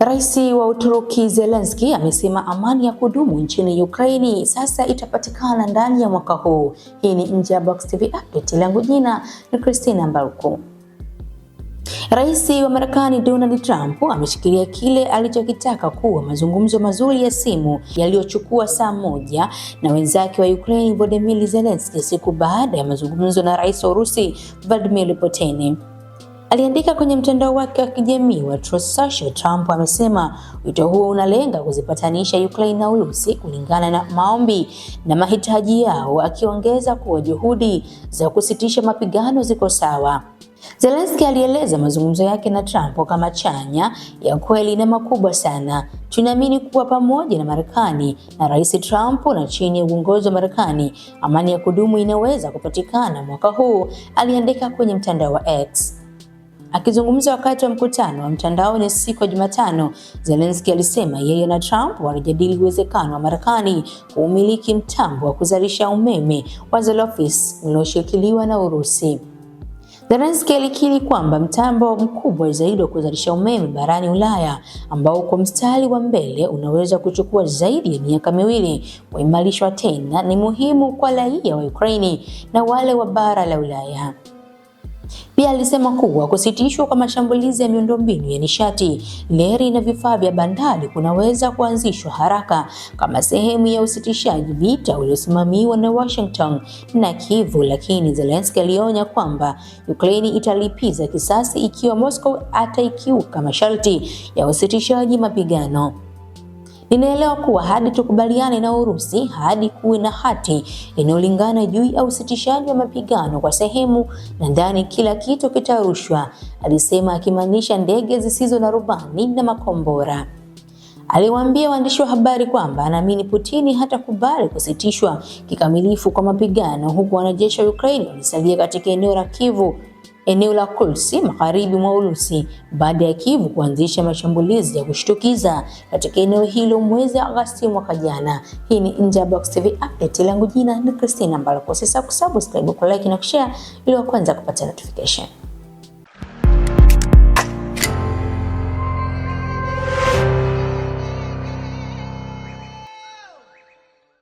Rais wa Uturuki Zelensky amesema amani ya kudumu nchini Ukraini sasa itapatikana ndani ya mwaka huu. Hii ni Nje ya Box TV update, langu jina ni Christina Mbaruku. Rais wa Marekani Donald Trump ameshikilia kile alichokitaka kuwa mazungumzo mazuri ya simu yaliyochukua saa moja na wenzake wa Ukraine Volodymyr Zelensky siku baada ya mazungumzo na Rais wa Urusi Vladimir Putin. Aliandika kwenye mtandao wake wa kijamii wa Truth Social, Trump amesema wito huo unalenga kuzipatanisha Ukraine na Urusi kulingana na maombi na mahitaji yao, akiongeza kuwa juhudi za kusitisha mapigano ziko sawa. Zelensky alieleza mazungumzo yake na Trump kama chanya ya kweli na makubwa sana. Tunaamini kuwa pamoja na Marekani na Rais Trump na chini ya uongozi wa Marekani, amani ya kudumu inaweza kupatikana mwaka huu, aliandika kwenye mtandao wa X. Akizungumza wakati wa mkutano wa mtandaoni siku ya Jumatano, Zelensky alisema yeye na Trump wanajadili uwezekano wa Marekani kuumiliki mtambo wa kuzalisha umeme wa Zelofis ulioshikiliwa na Urusi. Zelensky alikiri kwamba mtambo mkubwa zaidi wa kuzalisha umeme barani Ulaya ambao uko mstari wa mbele unaweza kuchukua zaidi ya miaka miwili kuimarishwa tena, ni muhimu kwa raia wa Ukraini na wale wa bara la Ulaya. Pia alisema kuwa kusitishwa kwa mashambulizi ya miundombinu ya nishati, reli na vifaa vya bandari kunaweza kuanzishwa haraka kama sehemu ya usitishaji vita uliosimamiwa na Washington na Kiev, lakini Zelensky alionya kwamba Ukraine italipiza kisasi ikiwa Moscow ataikiuka masharti ya usitishaji mapigano. Ninaelewa kuwa hadi tukubaliane na Urusi, hadi kuwe na hati inayolingana juu ya usitishaji wa mapigano kwa sehemu, nadhani kila kitu kitarushwa, alisema akimaanisha ndege zisizo na rubani na makombora. Aliwaambia waandishi wa habari kwamba anaamini Putini hatakubali kusitishwa kikamilifu kwa mapigano, huku wanajeshi wa Ukraine walisalia katika eneo la Kivu eneo la kulsi magharibi mwa Urusi baada ya Kiev kuanzisha mashambulizi ya kushtukiza katika eneo hilo mwezi Agosti mwaka jana. Hii ni Nje ya Box TV update, langu jina ni Christina Mbala. sasa kusubscribe, kulike na kushare ili wa kwanza kupata notification.